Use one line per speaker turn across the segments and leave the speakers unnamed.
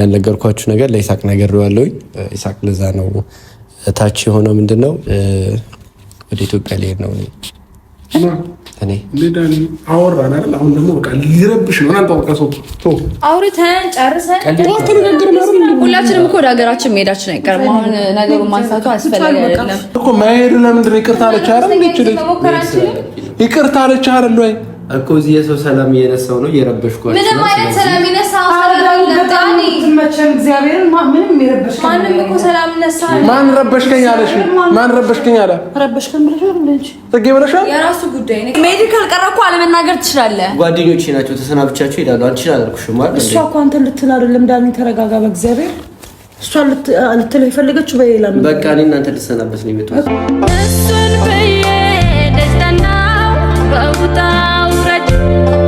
ያልነገርኳችሁ ነገር ለኢሳቅ ነግሬዋለሁኝ። ኢሳቅ ለዛ ነው ታች የሆነው። ምንድን ነው ወደ ኢትዮጵያ ሊሄድ ነው። እኔ
አወራን አይደል? አሁን ደግሞ በቃ ሊረብሽ ነው።
አውርተን ጨርሰን ሁላችንም እኮ ወደ ሀገራችን መሄዳችን አይቀርም። አሁን ነገሩን ማንሳቱ አስፈላጊ
አይደለም እኮ መሄድ። ለምንድን ነው ይቅርታ አለች አይደል? ይቅርታ አለች አይደል ወይ
እኮ እዚህ የሰው ሰላም እየነሳው ነው እየረበሽኳቸው።
ምንም አይነት ሰላም የነሳው
ማን ረበሽከኝ አለሽ? ማን ረበሽከኝ አለ? ረበሽከኝ ብለሻል።
የራሱ ጉዳይ ነው። ሜዲ ካልቀረኩ አለመናገር ትችላለህ።
ጓደኞቼ ናቸው ተሰናብቻቸው ይላሉ። አንቺን አላልኩሽም
አይደል? እሷ እኮ አንተን ልትል አይደለም። ዳኒ ተረጋጋ፣ በእግዚአብሔር እሷ ልትለው የፈለገችው በሌላ ነው።
በቃ እኔ እናንተ ልትሰናበት ነው የመጣሁት Bago tao radyo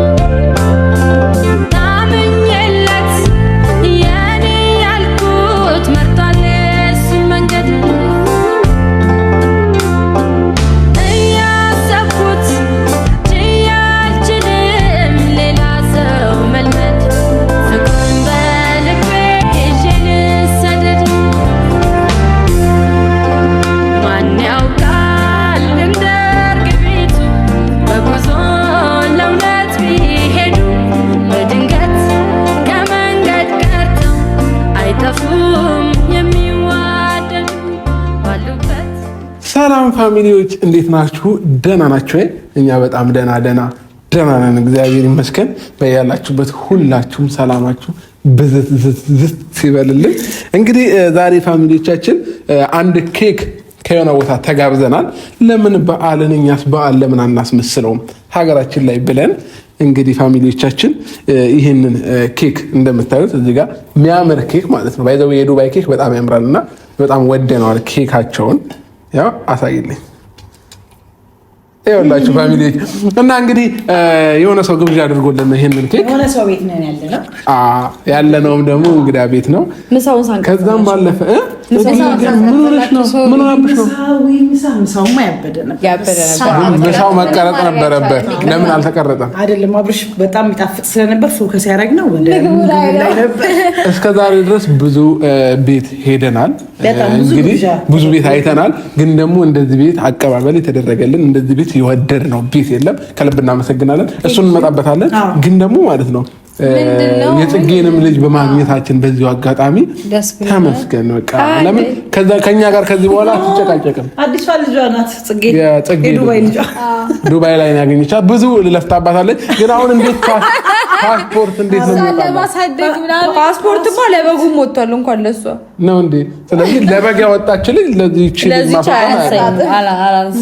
ፋሚሊዎች እንዴት ናችሁ? ደና ናችሁ? እኛ በጣም ደና ደና ደና ነን፣ እግዚአብሔር ይመስገን። በያላችሁበት ሁላችሁም ሰላማችሁ ብዝት ሲበልልን። እንግዲህ ዛሬ ፋሚሊዎቻችን አንድ ኬክ ከሆነ ቦታ ተጋብዘናል። ለምን በዓልን እኛስ በዓል ለምን አናስመስለውም ሀገራችን ላይ ብለን እንግዲህ ፋሚሊዎቻችን ይህንን ኬክ እንደምታዩት እዚህ ጋር የሚያምር ኬክ ማለት ነው። ባይዘው የዱባይ ኬክ በጣም ያምራል እና በጣም ወደነዋል ኬካቸውን ያው አሳይልኝ ይኸውላችሁ እና እንግዲህ የሆነ ሰው ግብዣ አድርጎልን ይሄንን ኬክ ያለነውም ደግሞ እንግዳ ቤት ነው። ከዛም ባለፈ ምሳው መቀረጥ ነበረበት። ለምን አልተቀረጠም?
አይደለም አብርሽ በጣም የሚጣፍጥ ስለነበር ፎከስ ያደረግ ነው።
እስከ ዛሬ ድረስ ብዙ ቤት ሄደናል፣ እንግዲህ ብዙ ቤት አይተናል። ግን ደግሞ እንደዚህ ቤት አቀባበል የተደረገልን እንደዚህ ቤት የወደድ ነው ቤት የለም። ከልብ እናመሰግናለን። እሱን እንመጣበታለን። ግን ደግሞ ማለት ነው የጽጌንም ልጅ በማግኘታችን በዚሁ አጋጣሚ ተመስገን። በቃ ለምን ከኛ ጋር ከዚህ በኋላ አትጨቃጨቅም።
አዲሷ ልጇ ናት
ጽጌ፣ ዱባይ ላይ ያገኘቻት ብዙ ልለፍታባታለች ግን አሁን እንዴት ፓስፖርት እንዴት ነው
ለማሳደግ ምናምን? ፓስፖርትማ ለበጉም ወጥቷል እንኳን ለሷ
ነው እንዴ። ስለዚህ ለበግ ያወጣች ልጅ ለዚህች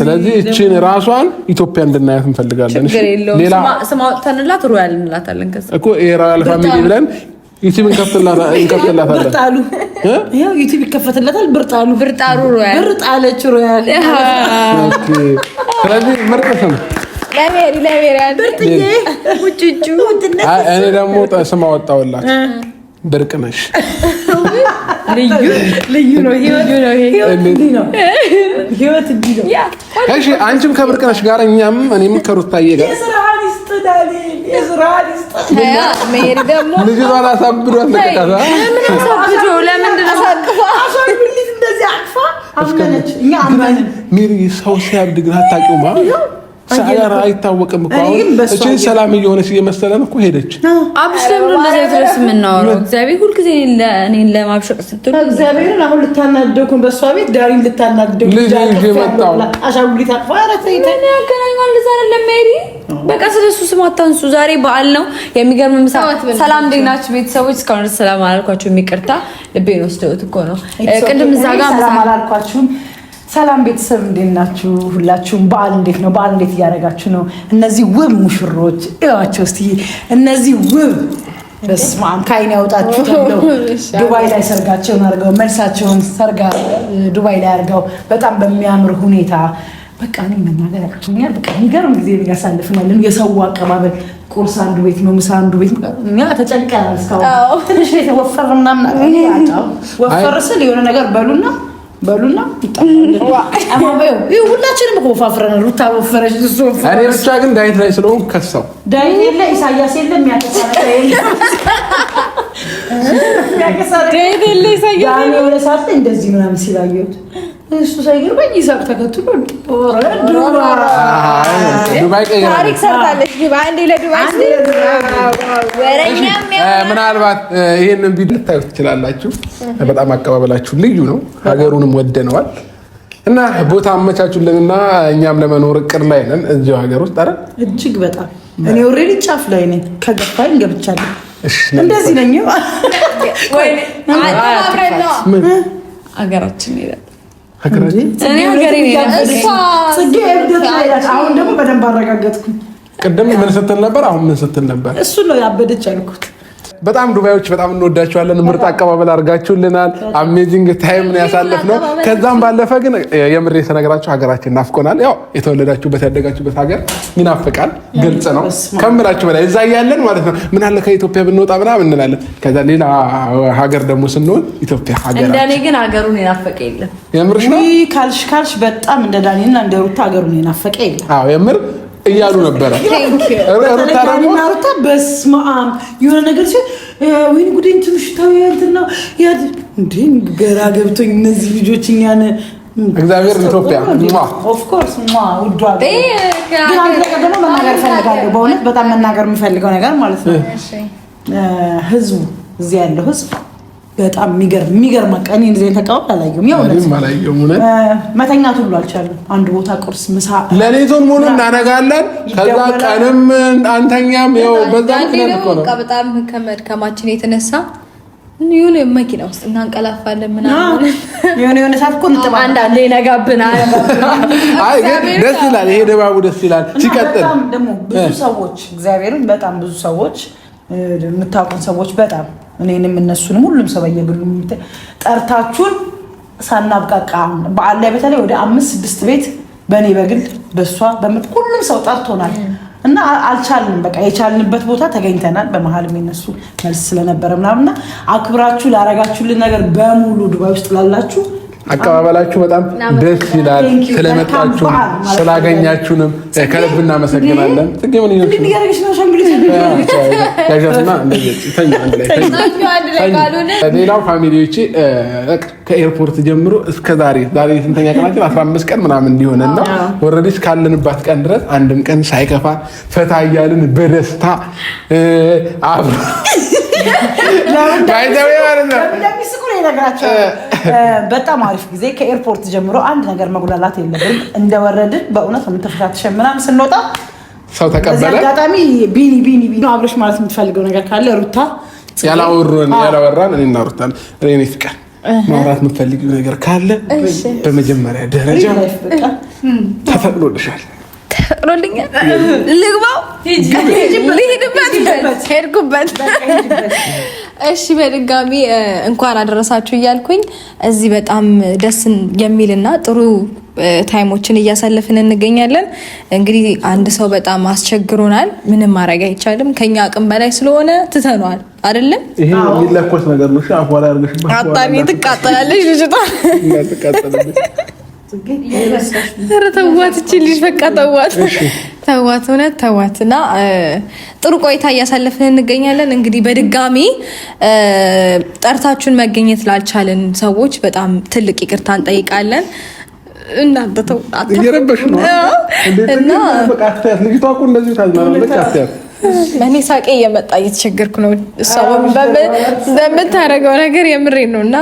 ስለዚህ እችን ራሷን ኢትዮጵያ እንድናያት እንፈልጋለን።
ሌላ ስም አውጥተንላት ሮያል እንላታለን
እኮ ሮያል ፋሚሊ ብለን ዩቲብ እንከፍትላታለን።
ዩቲብ ይከፈትለታል። ብርጣሉ
ብርጣሩ ሮያል
ብርጣለች ሮያል።
ስለዚህ ምርጥ ስም እኔ ደግሞ ስም አወጣውላት ብርቅ ነሽ። ልዩ ነው። አንቺም ከብርቅ ነሽ ጋር እኛም እኔም ከሩታዬ ጋር ሰው ሲያብድ ግን ሳያራ አይታወቅም እኮ አሁን ሰላም እየሆነች እየመሰለን እኮ ሄደች።
አብሽ ለምን እንደዚህ ድረስ የምናወራው? እግዚአብሔር ሁልጊዜ እኔን ለማብሸቅ ስትሉ
እግዚአብሔርን አሁን ልታናደኩን በእሷ ቤት ዳሪን ልታናደኩ አሻጉሊት አቅፋ
ያገናኛል። እዛ ለሜሪ በቃ ስለሱ ስም አታንሱ። ዛሬ በዓል ነው። የሚገርም ሰላም እንዴት ቤተሰቦች? እስካሁን ድረስ ሰላም አላልኳችሁም። ይቅርታ ልቤን ወስደውት እኮ ነው።
ቅድም እዛ ጋር ሰላም አላልኳችሁም ሰላም ቤተሰብ እንዴት ናችሁ? ሁላችሁም በዓል እንዴት ነው? በዓል እንዴት እያደረጋችሁ ነው? እነዚህ ውብ ሙሽሮች እዋቸው እስቲ እነዚህ ውብ በስመ አብ ከዓይን ያውጣችሁ ተብለው ዱባይ ላይ ሰርጋቸውን አድርገው መልሳቸውን ሰርጋ ዱባይ ላይ አድርገው በጣም በሚያምር ሁኔታ በቃ እኔ መናገር ያቅቶኛል። በቃ የሚገርም ጊዜ ያሳልፍናል። የሰው አቀባበል ቁርስ አንዱ ቤት ነው፣ ምሳ አንዱ ቤት እኛ ተጨንቀናል። እስካሁን ትንሽ ቤት ወፈር ምናምን ወፈር ስል የሆነ ነገር በሉና በሉና
ሁላችንም እኮ ወፋፍረናል። ሩታ ወፈረች። እኔ
ብቻ ግን ዳይት ላይ ስለሆንኩ ከሳው።
ዳይት የለ ኢሳያስ የለ እንደዚህ ምናምን ሲላየሁት እሱ ሳይገርመኝ ይሳቅ ተከትሎ
ታሪክ ሰርታለች።
ምናልባት ይህንን ቢድ ልታዩት ትችላላችሁ። በጣም አቀባበላችሁ ልዩ ነው። ሀገሩንም ወደነዋል እና ቦታ አመቻቹልንና እኛም ለመኖር እቅድ ላይ ነን። እዚያው ሀገር ውስጥ ኧረ
እጅግ በጣም እኔ ኦልሬዲ ጫፍ ላይ ነኝ። ከገፋኝ ገብቻለሁ። እንደዚህ ነኝ።
አገራችን ሄዳል
አሁን ደግሞ በደንብ አረጋገጥኩኝ።
ቅድም ምን ስትል ነበር? አሁን ምን ስትል ነበር?
እሱ ነው ያበደች አልኩት።
በጣም ዱባዮች በጣም እንወዳቸዋለን ምርጥ አቀባበል አድርጋችሁልናል። አሜዚንግ ታይም ነው ነው። ከዛም ባለፈ ግን የምሬ ስነግራችሁ ሀገራችን ናፍቆናል። ያው የተወለዳችሁበት ያደጋችሁበት ሀገር ይናፍቃል፣ ግልጽ ነው ከምላችሁ በላይ እዛ እያለን ማለት ነው። ምን አለ ከኢትዮጵያ ብንወጣ ምናምን እንላለን። ከዛ ሌላ ሀገር ደግሞ ስንሆን ኢትዮጵያ ሀገር
እንደኔ ግን ሀገሩን የናፈቀ የለም።
ካልሽ ካልሽ በጣም እንደ ዳኒና እንደ ሩታ ሀገሩን የናፈቀ
የለም። የምር እያሉ ነበረ።
ሩታ በስመ አብ የሆነ ነገር ሲሆን ወይኔ ጉዴ እንትኑ ሽታው እንትን ነው ገራ ገብቶኝ እነዚህ ልጆች እኛን
እግዚአብሔር ኢትዮጵያ ደግሞ
መናገር ፈልጋለሁ። በእውነት በጣም መናገር የምፈልገው ነገር ማለት ነው ህዝቡ እዚህ ያለው ህዝብ በጣም የሚገርም የሚገርም በቃ እኔ እንደዚህ ዓይነት አቀባበል አላየሁም። ያው መተኛት ሁሉ አልቻለም። አንድ ቦታ ቁርስ፣ ምሳ፣
ሌሊቱን ሙሉ እናነጋለን። ከዛ ቀንም አንተኛም። ያው በዛ
በጣም ከመድከማችን የተነሳ የሆነ መኪና ውስጥ እናንቀላፋለን ምናምን
የሆነ የሆነ ሰዓት እኮ
አንዳንዴ ይነጋብናል።
አይ ግን ደስ ይላል፣ ይሄ ድባቡ ደስ ይላል። ሲቀጥል
ደግሞ ብዙ ሰዎች እግዚአብሔርን በጣም ብዙ ሰዎች የምታውቁን ሰዎች በጣም እኔንም እነሱንም ሁሉም ሰው በየግሉ ጠርታችሁን ሳናብቃቃ በዓል ላይ በተለይ ወደ አምስት ስድስት ቤት በእኔ በግል በእሷ በምት ሁሉም ሰው ጠርቶናል እና አልቻልንም። በቃ የቻልንበት ቦታ ተገኝተናል። በመሀል የነሱ መልስ ስለነበረ ምናምና አክብራችሁ ላረጋችሁልን ነገር በሙሉ ዱባይ ውስጥ ላላችሁ
አቀባበላችሁ በጣም ደስ ይላል። ስለመጣችሁ ስላገኛችሁንም ከልብ እናመሰግናለን። ጽጌ ሌላው ከኤርፖርት ጀምሮ እስከ ዛሬ ዛሬ ስንተኛ ቀናችን? አስራ አምስት ቀን ምናምን እንዲሆነ ና ወረድ እስካለንባት ቀን ድረስ አንድም ቀን ሳይከፋ ፈታ እያልን በደስታ ነው
በጣም አሪፍ ጊዜ ከኤርፖርት ጀምሮ አንድ ነገር መጉላላት የለብን። እንደወረድን በእውነት የምትፈታትሸን ምናምን ስንወጣ ሰው ተቀበለ። አጋጣሚ ቢኒ ቢኒ ቢኒ አብረሽ ማለት የምትፈልገው ነገር ካለ ሩታ
ያላወሩን ያላወራን እኔ እና ሩታ እኔ ፍቅር ማውራት የምትፈልጊው ነገር ካለ በመጀመሪያ ደረጃ ተፈቅዶልሻል።
ፈቅዶልኛል። ልግባው፣ ልሂድበት፣ ሄድኩበት። እሺ በድጋሚ እንኳን አደረሳችሁ እያልኩኝ እዚህ በጣም ደስ የሚልና ጥሩ ታይሞችን እያሳለፍን እንገኛለን። እንግዲህ አንድ ሰው በጣም አስቸግሮናል። ምንም ማድረግ አይቻልም። ከኛ አቅም በላይ ስለሆነ ትተኗል። አይደለም
ይሄ የሚለኮስ ነገር ነው።
አጣሚ ትቃጠላለች ልጅቷ ኧረ ተዋት፣ እቺ ልጅ በቃ ተዋት፣ ተዋት፣ እውነት ተዋት። እና ጥሩ ቆይታ እያሳለፍን እንገኛለን። እንግዲህ በድጋሚ ጠርታችሁን መገኘት ላልቻለን ሰዎች በጣም ትልቅ ይቅርታ እንጠይቃለን። እናንተ ተው፣
እየረበሽ ነው እና በቃ አትያት፣ ልጅቷ እኮ እንደዚህ ታዝናለች፣ አትያት
እኔ ሳቄ እየመጣ እየተቸገርኩ ነው። እሷ በምታደርገው ነገር የምሬ ነው እና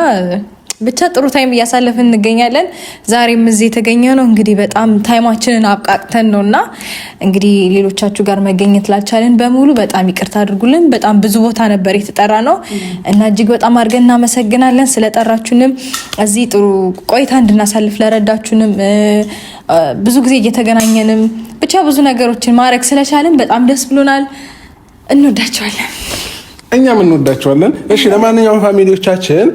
ብቻ ጥሩ ታይም እያሳለፍን እንገኛለን። ዛሬም እዚህ የተገኘ ነው እንግዲህ በጣም ታይማችንን አብቃቅተን ነው እና እንግዲህ ሌሎቻችሁ ጋር መገኘት ላልቻለን በሙሉ በጣም ይቅርታ አድርጉልን። በጣም ብዙ ቦታ ነበር የተጠራ ነው እና እጅግ በጣም አድርገን እናመሰግናለን። ስለጠራችሁንም እዚህ ጥሩ ቆይታ እንድናሳልፍ ለረዳችሁንም ብዙ ጊዜ እየተገናኘንም ብቻ ብዙ ነገሮችን ማድረግ ስለቻለን በጣም ደስ ብሎናል። እንወዳቸዋለን።
እኛም እንወዳቸዋለን። እሺ፣ ለማንኛውም ፋሚሊዎቻችን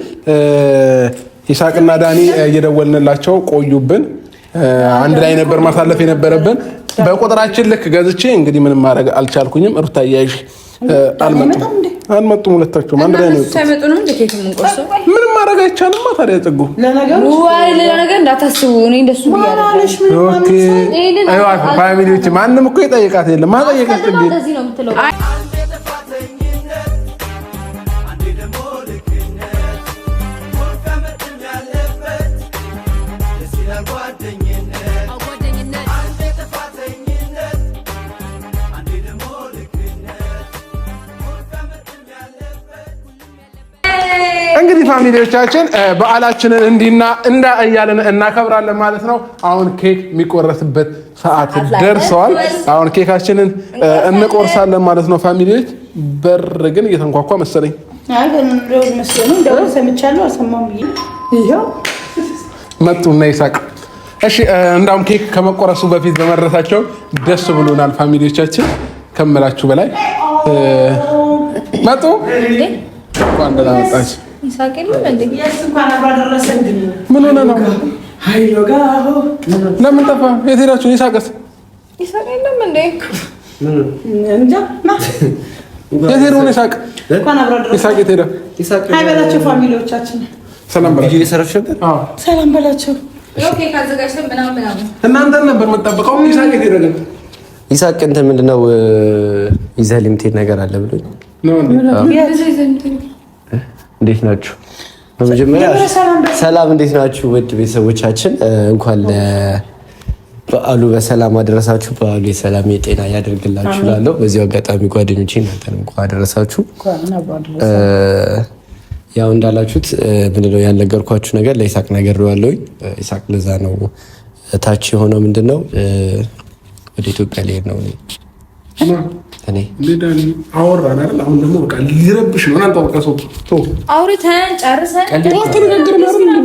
ይሳቅና ዳኒ እየደወልንላቸው ቆዩብን። አንድ ላይ ነበር ማሳለፍ የነበረብን። በቁጥራችን ልክ ገዝቼ እንግዲህ ምንም ማድረግ አልቻልኩኝም። እሩታ እያይሽ አልመጡም አልመጡም። ሁለታቸውም አንድ ላይ ነው። ምንም ማድረግ አይቻልም። ታዲያ ጽጉ ፋሚሊዎች ማንም እኮ የጠየቃት የለም ማጠየቃት እንግዲህ ፋሚሊዎቻችን በዓላችንን እንዲና እንዳ እያለን እናከብራለን ማለት ነው። አሁን ኬክ የሚቆረስበት ሰዓት ደርሰዋል። አሁን ኬካችንን እንቆርሳለን ማለት ነው ፋሚሊዎች። በር ግን እየተንኳኳ መሰለኝ መጡ እና ይሳቅ እሺ እንዳውም ኬክ ከመቆረሱ በፊት በመድረሳቸው ደስ ብሎናል። ፋሚሊዎቻችን ከምላችሁ በላይ መጡ።
እንኳን ደህና መጣችሁ።
ምን ሆነ ነው? ለምን ጠፋ? የት ሄዳችሁ? ይሳቀስ የት ይሳቅ ይሳቅ የት ሄደ? ሰላም
በላቸው።
ሰላም በላቸው
እናንተን
ነበር የምጠብቀው። ይሳቅ የተደረገ
ይሳቅ እንትን ምንድን ነው ይዘህ ልምትሄድ ነገር አለ ብሎ እንዴት ናችሁ? በመጀመሪያ ሰላም፣ እንዴት ናችሁ? ውድ ቤተሰቦቻችን እንኳን በዓሉ በሰላም አደረሳችሁ። በዓሉ የሰላም የጤና ያደርግላችሁ እላለሁ። በዚሁ አጋጣሚ ጓደኞቼ እናንተን እንኳን አደረሳችሁ። ያው እንዳላችሁት ምንድነው ያልነገርኳችሁ ነገር ለኢሳቅ ነገር ያለውኝ ኢሳቅ ለዛ ነው ታች የሆነው ምንድነው ወደ ኢትዮጵያ ሊሄድ ነው።
እኔ አሁን በቃ ሊረብሽ ነው።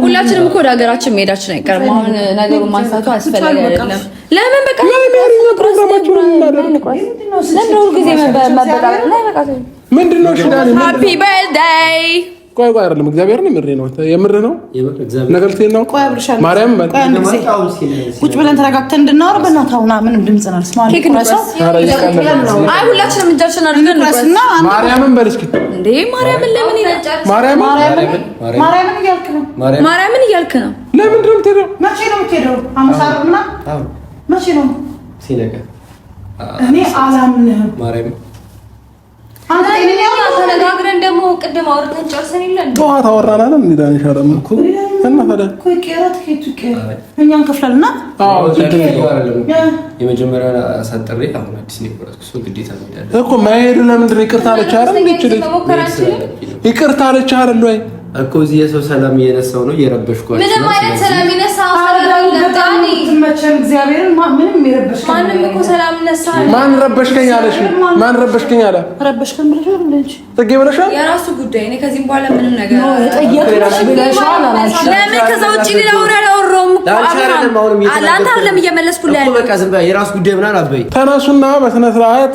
ሁላችንም እኮ ወደ ሀገራችን መሄዳችን አይቀርም። አሁን ነገሩ ማንሳቱ አስፈላጊ አይደለም። ለምን በቃ
ጊዜ መበቃ ምንድነው?
ሃፒ በርዝዴይ
ቆይ ቆይ አይደለም፣ እግዚአብሔር ነው። ምሬ ነው የምር ነው ነገር ነው። ቆይ አብርሻለሁ፣ ማርያም
ቁጭ ብለን ተረጋግተን እንድናወር በእናትህ። አሁን ምንም ድምጽ ነው
አይ ሁላችንም እጃችን አድርገን
ማርያምን በል እስኪ
እንዴ! ማርያምን ለምን ማርያምን ማርያምን እያልክ ነው?
ለምንድን ነው የምትሄደው?
መቼ ነው የምትሄደው? መቼ ነው? ሲነገር እኔ አላምንህም።
ተነጋግረን ደግሞ ቅድም አውርተን ጨርሰን የለን
ጠዋት አወራን አለ ዳንሻ እኮ
እኛ እንከፍላልና
የመጀመሪያ ሳጠሬ አሁን አዲስ ግዴታ
እኮ መሄድ ለምንድን ነው ይቅርታ አለች አይደል ይቅርታ አለች አይደል ወይ
እኮ እዚህ የሰው ሰላም እየነሳው ነው እየረበሽኳቸው።
ምንም አይነት ሰላም ይነሳው
ማን ረበሽከኝ አለሽ? ማን ረበሽከኝ አለ? ረበሽከኝ ብለሻል።
የራሱ ጉዳይ። እኔ ከዚህም በኋላ ምንም ነገር ለምን ከዛ ውጪ አላንተ ወሬ አላወራሁም እኮ ለአንተ አይደለም እየመለስኩ
የራሱ ጉዳይ ምናምን አበይ
ተነሱና በስነ ስርዓት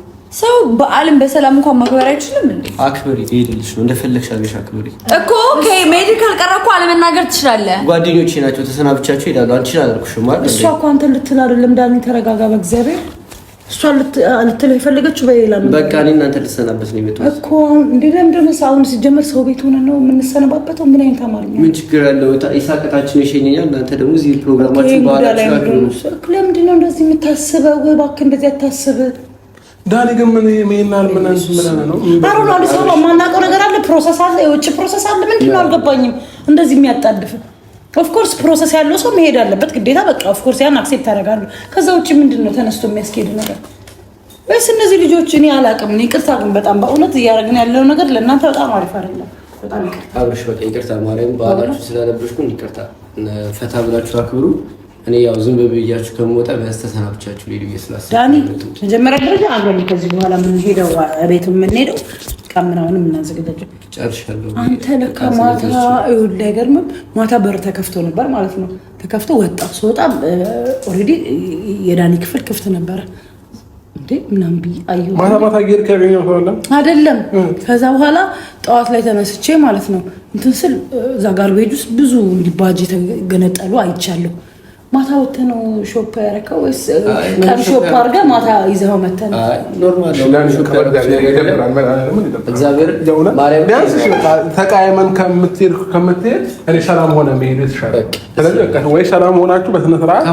ሰው በዓልን በሰላም እንኳን ማክበር አይችልም እንዴ?
አክብሪ፣ ትሄድልሽ ነው እንደፈለግሽ አድርገሽ አክብሪ
እኮ። ኦኬ መሄድ ካልቀረ እኮ አለመናገር ትችላለህ።
ጓደኞቼ ናቸው ተሰናብቻቸው ይሄዳሉ። አንቺን አላልኩሽም አይደል?
እሷ እኮ አንተ ልትል አይደለም ዳኒ፣ ተረጋጋ በእግዚአብሔር። እሷ ልትለው የፈለገችው በሌላ
ነው። በቃ እኔ እናንተ ልትሰናበት ነው የመጣሁት
እኮ። እንደ ለምን ደመስ አሁን ሲጀመር ሰው ቤት ሆነ ነው የምንሰነባበተው? ምን አይነት አማርኛ!
ምን ችግር ያለው የሳቀታችን ይሸኘኛል። እናንተ ደግሞ እዚህ ፕሮግራማችን በኋላ
ለምንድን ነው እንደዚህ የምታስበው? እባክህ እንደዚህ አታስብ
ዳኒ ግን ምን ይሄናል? ምን ምን ነው
አሩ ነው ሰው የማናውቀው ነገር አለ፣ ፕሮሰስ አለ፣ የውጭ ፕሮሰስ አለ። ምንድን ነው አልገባኝም። እንደዚህ የሚያጣድፍ ኦፍኮርስ ፕሮሰስ ያለው ሰው መሄድ አለበት ግዴታ። በቃ ኦፍኮርስ ያን አክሴፕት ታደርጋለህ። ከዛ ውጭ ምንድን ነው ተነስቶ የሚያስኬድ ነገር ወይስ እነዚህ ልጆች እኔ አላውቅም። እኔ ይቅርታ ግን በጣም በእውነት እያደረግን ያለው ነገር ለእናንተ በጣም አሪፍ አይደለም።
በጣም ይቅርታ አብርሽ፣ በቃ ይቅርታ ማርያም፣ በአላችሁ ስላለብሽ ይቅርታ። ፈታ ብላችሁ አክብሩ እኔ ያው ዝም ብያችሁ ከመውጣ በስተሰናብቻችሁ ሊዱ እየስላስ
ዳኒ፣ መጀመሪያ ደረጃ አብረን ከዚህ በኋላ የምንሄደው ቤቱ የምንሄደው ዕቃ ምናምንም እናዘገጃጀው ጨርሻለሁ። አንተ ለካ ማታ ይኸውልህ፣ አይገርምም? ማታ በር ተከፍቶ ነበር ማለት ነው። ተከፍቶ ወጣ። ስወጣ ኦልሬዲ የዳኒ ክፍል ክፍት ነበረ። እንዴ ምናምን ብዬ
አየሁ። ማታ ማታ ጌር ከቤኛው ተዋላ
አይደለም። ከዛ በኋላ ጠዋት ላይ ተነስቼ ማለት ነው እንትን ስል እዛ ጋር ቤጅ ውስጥ ብዙ እንዲባጅ የተገነጠሉ አይቻለሁ። ማታ ወተህ ነው ሾፕ ያደረከው ወይስ ቀን ሾፕ አድርገህ ማታ ይዘኸው መተህ ነው?
ተቃየመን ከምትሄድ ከምትሄድ እኔ ሰላም ሆነ መሄዱ የተሻለ ወይ ሰላም ሆናችሁ በስነ ስርዓት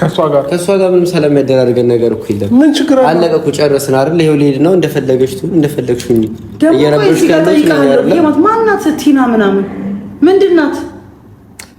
ከእሷ ጋር
ከእሷ ጋር ምንም ሰላም የሚያደራርገን ነገር እኮ የለም። ምን ችግር አለ? አለቀ እኮ ጨረስን አይደል? ይኸው ልሄድ ነው። እንደፈለገች እንደፈለግሽ ሁኚ።
እየረበሽ ማናት ቲና ምናምን ምንድን ናት?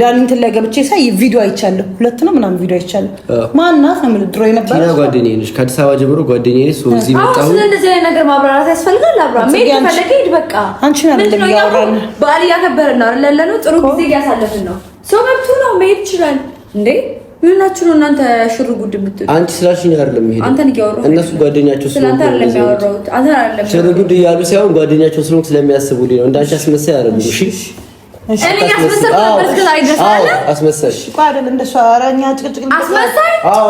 ዳኒን እንትን ላይ ገብቼ ሳይ ቪዲዮ አይቻለሁ። ሁለት ነው ምናምን ቪዲዮ አይቻለሁ። ማናት ነው ምን ድሮ የነበረ
ቲና ጓደኛዬ ነች፣ ከአዲስ አበባ ጀምሮ ጓደኛዬ ነች።
እዚህ መጣሁ። ስለዚህ ላይ ነገር ማብራራት ያስፈልጋል። አብራ ሜድ ፈለገ ሂድ በቃ።
አንቺ ና ምንድነው
ያወራን? በዓል እያከበርን ነው አይደል? ለነው ጥሩ ጊዜ እያሳለፍን ነው። ሰው መብቱ ነው መሄድ ይችላል እንዴ ምናችሁ ነው እናንተ ሽር ጉድ የምትሉ?
አንቺ ስላልሽኝ አይደለም ይሄ አንተን እያወራሁ እነሱ ጓደኛቸው ስለሆነ ሽር ጉድ እያሉ ሳይሆን ጓደኛቸው ስለሆንክ ስለሚያስቡልኝ ነው። እንዳንቺ አስመሳይ አይደለም። እሺ
አስመሳይ
ጭቅጭቅ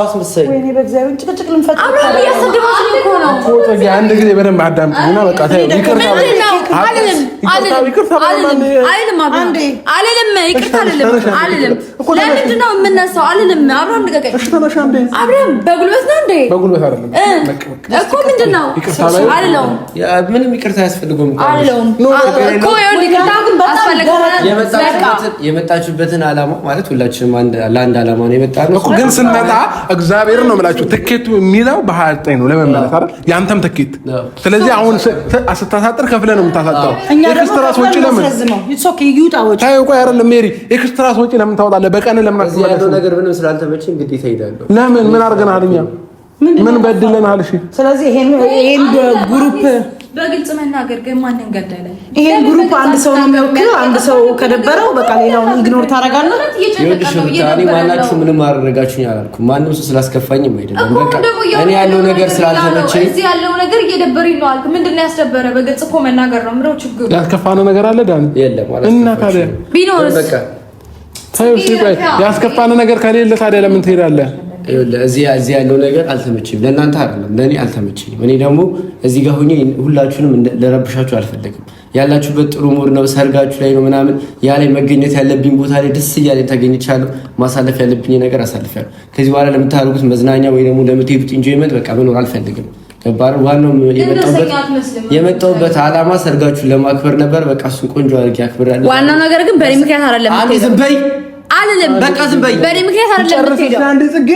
አስመሳይ በእግዚአብሔር ጭቅጭቅ
አንድ ጊዜ በደንብ አዳምጪኝና በቃ
ለምንድን ነው አልልም። አብርሃም ንቀቀኝ። አብርሃም
ምንም ይቅርታ አያስፈልገውም እኮ የመጣችሁበትን አላማ ማለት ሁላችንም ለአንድ አላማ ነው የመጣ
ነው። ግን ስንመጣ እግዚአብሔር ነው የምላችሁ ትኬቱ የሚለው በሀያ ዘጠኝ ነው ለመመለስ አይደል? የአንተም ትኬት። ስለዚህ አሁን ስታሳጥር ከፍለ ነው የምታሳጥረው።
ኤክስትራስ ወጪ ለምን
ታየው? ቆይ አይደለም ሜሪ፣ ኤክስትራስ ወጪ ለምን ታወጣለህ? በቀን ለምን
አትመለስም? ነገር ምንም ስላልተመቸኝ እንግዲህ እሄዳለሁ።
ለምን ምን አድርገናል እኛ? ምን በድለናል? እሺ
ስለዚህ ይሄን ይሄን ግሩፕ
በግልጽ መናገር ግን ማንን ገደለ?
ይሄን ግሩፕ አንድ ሰው ነው የሚወክል። አንድ ሰው ከደበረው በቃ ሌላውን ኢግኖር ታደርጋለህ።
ማናችሁ ምንም አደረጋችሁኝ አላልኩም። ማንም ሰው ስላስከፋኝም አይደለም። እኔ ያለው ነገር ስላልተመቸኝ
እዚህ ያለው ነገር እየደበረኝ ነው አልኩ። ምንድን ነው ያስደበረ? በግልጽ እኮ መናገር ነው የምለው።
ችግሩ ያስከፋ ነው ነገር አለ ዳኒ እና ታዲያ ቢኖርስ ያስከፋን ነገር ከሌለ ታዲያ ለምን ትሄዳለህ?
እዚህ ያለው ነገር አልተመቸኝም። ለእናንተ አይደለም ለእኔ አልተመቸኝም። እኔ ደግሞ እዚህ ጋር ሆኜ ሁላችሁንም ለረብሻችሁ አልፈለግም። ያላችሁበት ጥሩ ሙር ነው፣ ሰርጋችሁ ላይ ነው ምናምን ያ ላይ መገኘት ያለብኝ ቦታ ላይ ደስ እያለ ተገኝቻለሁ። ማሳለፍ ያለብኝ ነገር አሳልፊያለሁ። ከዚህ በኋላ ለምታደርጉት መዝናኛ ወይ ደግሞ ለምትሄዱት ኢንጆይመንት በቃ መኖር አልፈልግም። ገባር ዋናው የመጣሁበት አላማ ሰርጋችሁን ለማክበር ነበር። በቃ እሱን ቆንጆ አድርጌ
አክብራለሁ። ዋናው ነገር ግን በእኔ ምክንያት አይደለም። ዝም በይ አልልም። በቃ ዝም በይ። በእኔ ምክንያት አይደለም
የምትሄደው። አንድ ጽጌ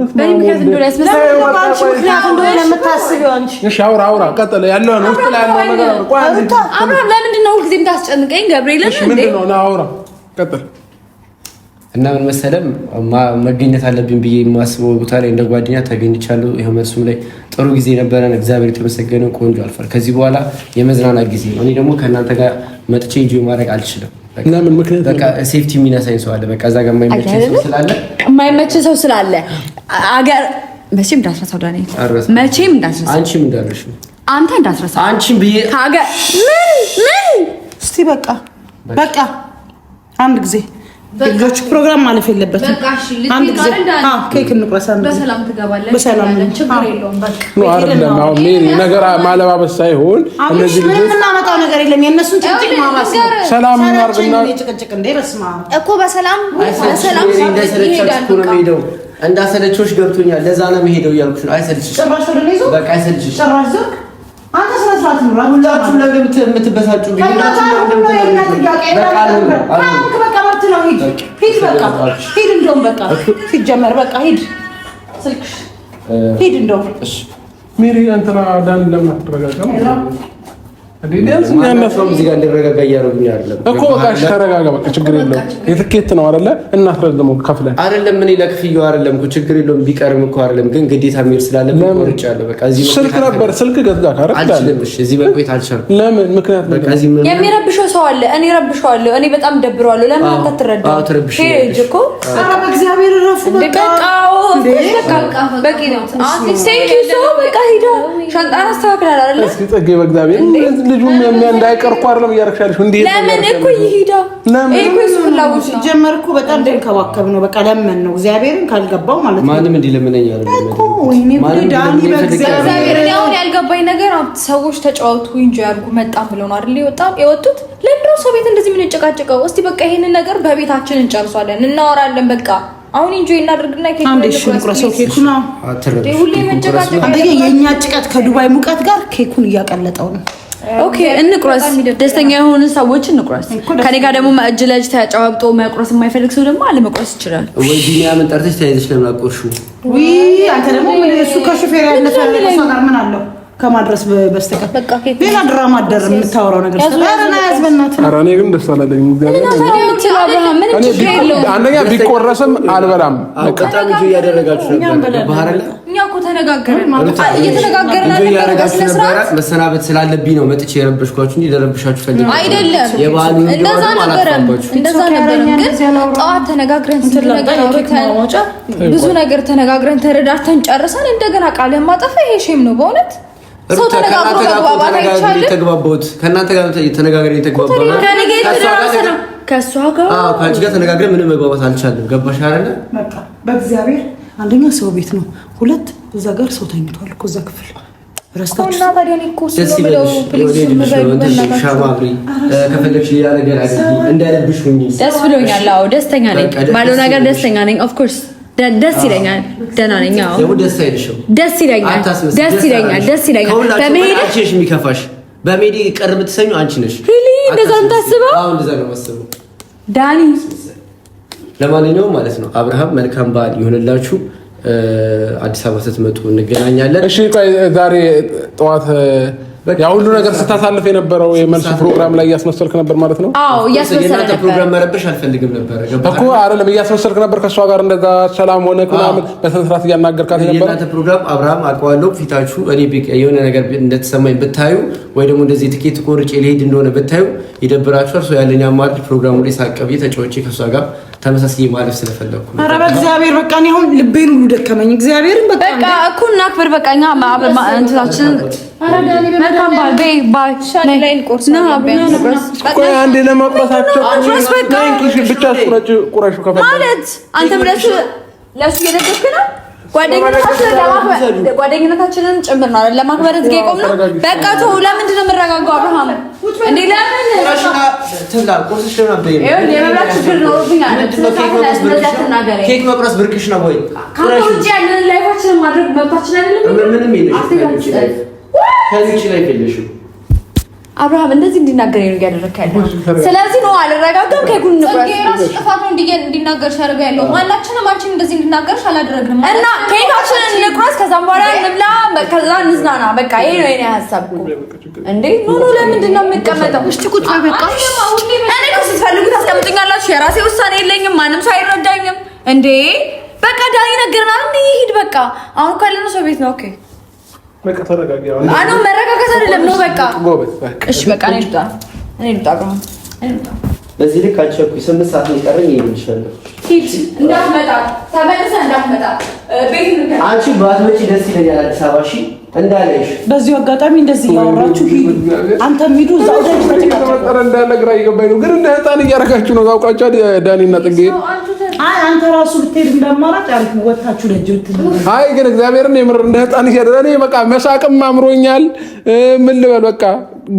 ምክንያት ምክንያት
እሺ አውራ አውራ ያለው ነው ላይ ያለው ነገር
ነው። እንዴ
አውራ
እና ምን መሰለም መገኘት አለብኝ ብዬ የማስበው ቦታ ላይ እንደ ጓደኛ ተገኝቻለሁ። ይኸው መልሱም ላይ ጥሩ ጊዜ ነበረን። እግዚአብሔር የተመሰገነ ቆንጆ አልፏል። ከዚህ በኋላ የመዝናናት ጊዜ ነው። እኔ ደግሞ ከእናንተ ጋር መጥቼ እንጂ ማድረግ አልችልም። ለምን ምክንያት በቃ ሴፍቲ የሚነሳኝ ሰው አለ። በቃ እዛ ጋር የማይመች ሰው
ስላለ ሰው ስላለ አገር መቼም እንዳስረሳው ዳኔ መቼም እንዳስረሳው
አንቺም እንዳለሽ
አንተ እንዳስረሳው አንቺም ብዬ ከአገር ምን ምን
እስቲ በቃ በቃ አንድ ጊዜ ልጆቹ ፕሮግራም ማለፍ የለበትም። አንድ ጊዜ ኬክ እንቁረሳ።
በሰላም ትገባለህ፣
በሰላም ችግር
የለውም። ነገር ማለባበስ ሳይሆን
እነዚህ ልጆች የምናመጣው ነገር የለም። የእነሱን ጭቅጭቅ
ማባስ ነው። ሰላም እናርግና
ጭቅጭቅ እንደ በስመ አብ
እኮ በሰላም
በሰላም ይሄዳል። እንዳሰለቾች ገብቶኛል። ለዛ ነው የምሄደው እያልኩሽ ነው። አይሰልችሽ
ጭራሽ ወደ እኔ ዞር በቃ አይሰልችሽ ጭራሽ ዞር አንተ ስነ ስርዓት ነው
ሁላችሁም ነገር የምትበሳጩ
ሂድ ሂድ፣ በቃ ሂድ። እንደውም በቃ ሲጀመር በቃ ሂድ፣ ስልክሽ ሂድ። እንደውም
ሜሪ፣ አንተና ዳን ለምን አትረጋጋም?
እንዲረጋጋ እያደረጉኝ
ተረጋጋ፣ ችግር የለውም። የትኬት ነው አይደለ? እናስረዝ ደግሞ ከፍለን
አይደለም። እኔ ለክፍያው አይደለም እኮ ችግር የለውም። ቢቀርም እኮ አይደለም፣ ግን ግዴታ የሚሄድ ስላለብኝ
ስልክ ነበር ስልክ ገዛ ለምን ምክንያት
የሚረብሸው ሰው አለ። እኔ ረብሸዋለሁ፣ እኔ በጣም ደብረዋለሁ። ለምን
አንተ
በእግዚአብሔር ረፉ
በቂ ነው። ሸንጣን አስተካክላል ልጁ እንዳይቀር እኮ አይደለም እያደረግሻለሽ። እንዴት ለምን እኮ ይሄዳ ለምን እኮ ፍላጎት ሲጀመር እኮ በጣም ደንከባከብ ነው። በቃ ለምን ነው እግዚአብሔርን ካልገባው ማለት ነው። ማንም እንዲህ ለምነኝ አይደለም እኮ ወይኔ ዳኒ በእግዚአብሔር አሁን ያልገባኝ ነገር ሰዎች ተጫወቱ እንጂ ያርጉ መጣ ብለው ነው አይደል የወጣው የወጡት። ለምንድነው ሰው ቤት እንደዚህ ምን ጨቃጨቀው? እስቲ በቃ ይሄንን ነገር በቤታችን እንጨርሷለን፣ እናወራለን በቃ አሁን ኢንጆይ እናደርግና ኬክ አንዴ እሺ፣ ሰው ኬኩን የእኛ ጭቀት ከዱባይ ሙቀት ጋር ኬኩን እያቀለጠው ነው። ኦኬ እንቁረስ። ደስተኛ የሆኑ ሰዎች እንቁረስ። ከኔ ጋር ደግሞ እጅ ለእጅ ተጨባብጦ መቁረስ የማይፈልግ ሰው ደግሞ አለመቁረስ ይችላል። ወይ ቢኒያምን ጠርተሽ ተያይዘሽ ለምን አቆሹ? አንተ ደግሞ እሱ ከሹፌር ያለፈ ሰው ጋር ምን አለው ከማድረስ በስተቀር ሌላ ድራማ አደር የምታወራው ነገር እኔ ግን ደስ አላለኝ። አንደኛ ቢቆረስም አልበላም። መሰናበት ስላለብኝ ነው መጥቼ የረበሽኳችሁ እንጂ ደረብሻችሁ ፈልጌ አይደለም። እንደዛ ነበረም እንደዛ ነበረም። ብዙ ነገር ተነጋግረን ተረዳርተን ጨርሰን እንደገና ቃል ማጠፋ ይሄ ሼም ነው በእውነት ሰው ተነጋግሮ መግባባት አይቻልም። ከእናንተ ጋር ተነጋግረን የተግባባሁት ከአንቺ ጋር ተነጋግረን ምንም መግባባት አልቻለም ገባሽ አይደለ? በቃ በእግዚአብሔር አንደኛ ሰው ቤት ነው፣ ሁለት እዛ ጋር ሰው ተኝቷል እኮ እዛ ክፍል ደስ ብሎኛል። ደስተኛ ነኝ ባለው ነገር ደስተኛ ነኝ ኦፍኮርስ ደስ ይለኛል። ደህና ነኝ። ደስ አይልሽም? ይለኛል። ደስ ይለኛል። ደስ ይለኛል። የሚከፋሽ። በመሄድ ቀርብ ትሰኙ አንቺ ነሽ። እንደዛ የምታስበው? ዳኒ። ለማንኛውም ማለት ነው አብርሃም፣ መልካም በዓል ይሁንላችሁ። አዲስ አበባ ስትመጡ እንገናኛለን። እሺ፣ ዛሬ ጠዋት ያ ሁሉ ነገር ስታሳልፍ የነበረው የመልሱ ፕሮግራም ላይ እያስመሰልክ ነበር ማለት ነው? አዎ እያስመሰልክ ፕሮግራም መረበሽ አልፈልግም ነበር እኮ አይደለም፣ እያስመሰልክ ነበር። ከእሷ ጋር እንደዛ ሰላም ሆነ ምናምን በስነ ስርዓት እያናገርካት ነበር። የእናንተ ፕሮግራም አብርሃም አውቀዋለሁ። ፊታችሁ እኔ የሆነ ነገር እንደተሰማኝ ብታዩ ወይ ደግሞ እንደዚህ ትኬት ቆርጬ ልሄድ እንደሆነ ብታዩ ይደብራችኋል። ያለኝ አማራጭ ፕሮግራሙ ላይ ሳቀብዬ ተጫወቼ ከእሷ ጋር ተመሳሳይ ማለፍ ስለፈለኩ ኧረ በእግዚአብሔር በቃ እኔ አሁን ልቤን ሁሉ ደከመኝ። እግዚአብሔርን በቃ በቃ እኮ እናክብር። በቃ እኛ እንትታችን ጓደኝነታችንን ጭምር ነው ለማክበር የቆምነው። በቃ ለምንድን ነው የምረጋጋው? አብርሃም እንዴ ለምን ትብላ። ቁርስሽ ነበር ኬክ መቁረስ ብርቅሽ ነው ወይ? አብርሃም እንደዚህ እንዲናገር ነው እያደረክ ያለው። ስለዚህ ነው አልረጋጋም። ከጉን ንብረት ራስ ጥፋቱ እንዲናገርሽ ያለው ማናችንም አንቺን እንደዚህ እንዲናገር አላደረግንም እና ኬካችንን ንቁረስ፣ ከዛም በኋላ እንብላ፣ ከዛ እንዝናና። በቃ ይሄ ነው የኔ ሀሳብ። እንዴ ኖኖ ለምንድን ነው የምቀመጠው? እሺ ቁጭ በይ በቃ። እኔ እኮ ስትፈልጉት አስቀምጡኛላችሁ። የራሴ ውሳኔ የለኝም። ማንም ሰው አይረዳኝም። እንዴ በቃ ዳኒ ነገርና እንዴ ሂድ በቃ። አሁን ካለነ ሰው ቤት ነው። ኦኬ በቃ ተረጋጋ። አሁን መረጋጋት አይደለም ነው በቃ። እሺ በቃ እኔ ልውጣ፣ እኔ ልውጣ፣ እኔ ልውጣ። በዚህ ልክ አቸኩኝ። ስምንት ሰዓት ነው የቀረኝ። ይልሻለሁ እንዳትመጣ ተመልሰህ እንዳትመጣ። አንቺ ባትመጪ ደስ ይለኛል። አዲስ አበባ እሺ እንዳለሽ። በዚሁ አጋጣሚ እንደዚህ ያወራችሁ አንተ ሂዱ እዛው እንዳልነግራ ይገባኝ ነው። ግን እንደ ህፃን እያረጋችሁ ነው። ታውቃችሁ ዳኒና ጥጌ አንተ ራሱ ብትሄድ እንዳማራጭ አሪፍ ወታችሁ ደጅ ብትል። አይ ግን እግዚአብሔርን የምር እንደ ህፃን እያደረ እኔ በቃ መሳቅም አምሮኛል። ምን ልበል በቃ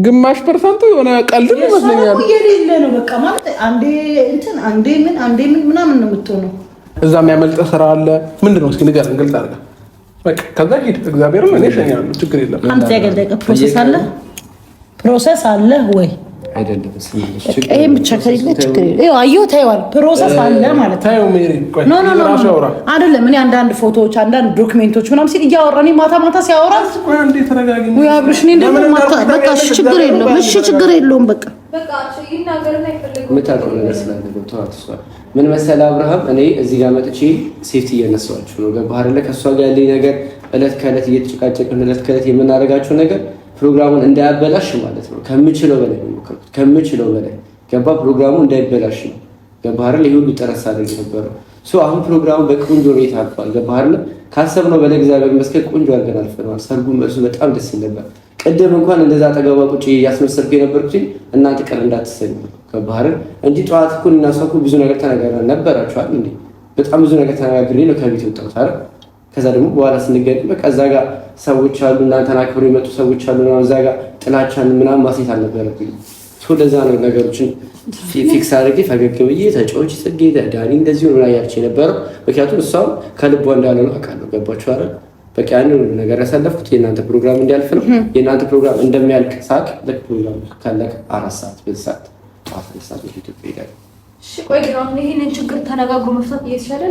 ግማሽ ፐርሰንቱ የሆነ ቀልድ ይመስለኛል። የሌለ ነው በቃ ማለት አንዴ እንትን አንዴ ምን አንዴ ምን ምናምን ነው የምትሆነው። እዛ የሚያመልጥ ስራ አለ። ምንድን ነው እስኪ ንገር ግልጽ አድርገን ከዛ ሂድ። እግዚአብሔርም እኔ እሸኛለሁ፣ ችግር የለም። አንተ ያገልጠቀ ፕሮሰስ አለ ፕሮሰስ አለ ወይ አይደለም ይሄን ብቻ ከሌለ ችግር የለም። አየሁ ፕሮሰስ አለ ማለት ነው። አይደለም እኔ አንዳንድ ፎቶዎች አንዳንድ ዶክሜንቶች ምናምን ሲል እያወራ እኔ ማታ ማታ ሲያወራ አብርሽ እኔ በቃ እሺ ችግር የለውም እሺ ችግር የለውም በቃ ምን መሰለህ አብርሃም እኔ እዚህ ጋር መጥቼ ሴፍቲ እያነሳኋቸው ነው። ገባህ አይደለ? ከእሷ ጋር ያለኝ ነገር እለት ከእለት እየተጨቃጨቅን እለት ከእለት የምናደርጋቸው ነገር ፕሮግራሙን እንዳያበላሽ ማለት ነው። ከምችለው በላይ ነው ከምችለው በላይ ገባ። ፕሮግራሙ እንዳይበላሽ ነው ገባ አይደል? ይህ ሁሉ ጥረት ሳደርግ ነበረው። አሁን ፕሮግራሙ በቆንጆ ሁኔታ አልፏል። ገባ አይደል? ካሰብነው በላይ እግዚአብሔር ይመስገን ቆንጆ አድርገን አልፈነዋል። ሰርጉ እሱ በጣም ደስ ይል ነበር። ቅድም እንኳን እንደዛ አጠገቧ ቁጭ እያስመሰልኩ የነበርኩትኝ እናንተ ቀር እንዳትሰኙ ገባ አይደል? እንጂ ጠዋት እኮ እናሰኩ ብዙ ነገር ተነጋግረን ነበራችኋል። በጣም ብዙ ነገር ተነጋግሬ ነው ከቤት ወጣሁት አይደል ከዛ ደግሞ በኋላ ስንገናኝ በቃ እዛ ጋ ሰዎች አሉ፣ እናንተን አክብሮ የመጡ ሰዎች አሉ። እዛ ጋ ጥላቻን ምናምን ማሴት አልነበረብኝ። ለዛ ነው ነገሮችን ፊክስ አድርጌ ፈገግ ብዬ ተጫዎች ጽጌ ዳኒ እንደዚህ ሆኖ ያልች የነበረው ምክንያቱም እሷም ከልቧ እንዳለ ነው አውቃለሁ። ገባችሁ አይደል? በቃ ያን ነገር ያሳለፍኩት የእናንተ ፕሮግራም እንዲያልፍ ነው። የእናንተ ፕሮግራም እንደሚያልቅ ሳቅ ልክ ፕሮግራም ካለቀ አራት ሰዓት በዚህ ሰዓት ጠዋት ሰዓት ኢትዮጵያ ይሄዳል። ችግር ተነጋግሮ መፍታት እየተቻለ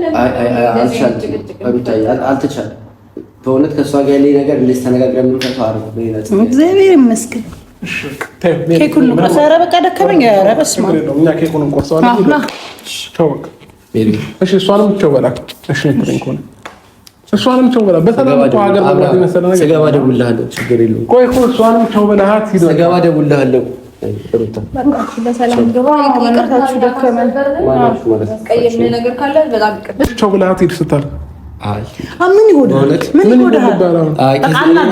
በእውነት ከእሷ ጋር ያለኝ ነገር እንደዚህ ተነጋግረን የምንፈታው አሪፍ ነው። እግዚአብሔር ይመስገን። ኬኩን ቆርሰህ በቃ ደከመኝ። ኧረ በስመ አብ እኛ ኬኩንም ቆርሰዋል። እሷንም ቸው በላ እሷንም ቸው በላ በሰላም እኮ ሀገር መግባት ነገር ስገባ እደውልልሃለሁ። ችግር የለውም። ቆይ እኮ እሷንም ቸው በላሃት ስገባ እደውልልሃለሁ ብቻው ብላ አትሄድ ስታል ምን ይሆናል? ምን ይሆናል?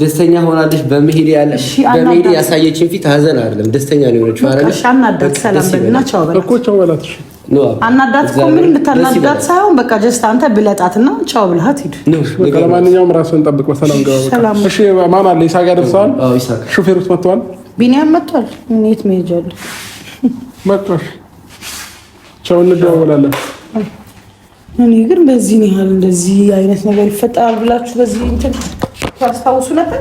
ደስተኛ ሆናለች። በመሄድ ያሳየችን ፊት ሀዘን አይደለም፣ ደስተኛ ነው የሆነችው። አናዳት እኮ ምን እንድታናዳት ሳይሆን በቃ ጀስት አንተ ብለጣት እና ቻው ብልሃት ሂድ። ለማንኛውም ራስን ጠብቅ። በሰላም ገባ። ማን አለ? ይሳቅ ያደርሰዋል። ሹፌሮች መጥተዋል። ቢኒያም መጥቷል። የት መሄጃ መጥቷል። ቻው፣ እንደዋወላለን። እኔ ግን በዚህ ያህል እንደዚህ አይነት ነገር ይፈጠራል ብላችሁ በዚህ እንትን ታስታውሱ ነበር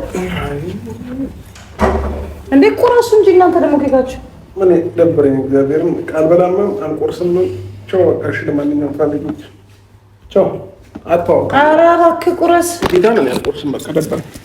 እንዴ? እኮ እራሱ እንጂ እናንተ ደግሞ ኬካችሁ ምን ደበረኝ። እግዚአብሔርም አልበላምም፣ አልቆርስም። ቻው በቃ እሺ። ለማንኛውም ፋሚሊዎች ቻው። አታውቅም። ኧረ እባክህ ቁረስ። ጌታ ነው ያልቆርስም። በቃ ደበረኝ።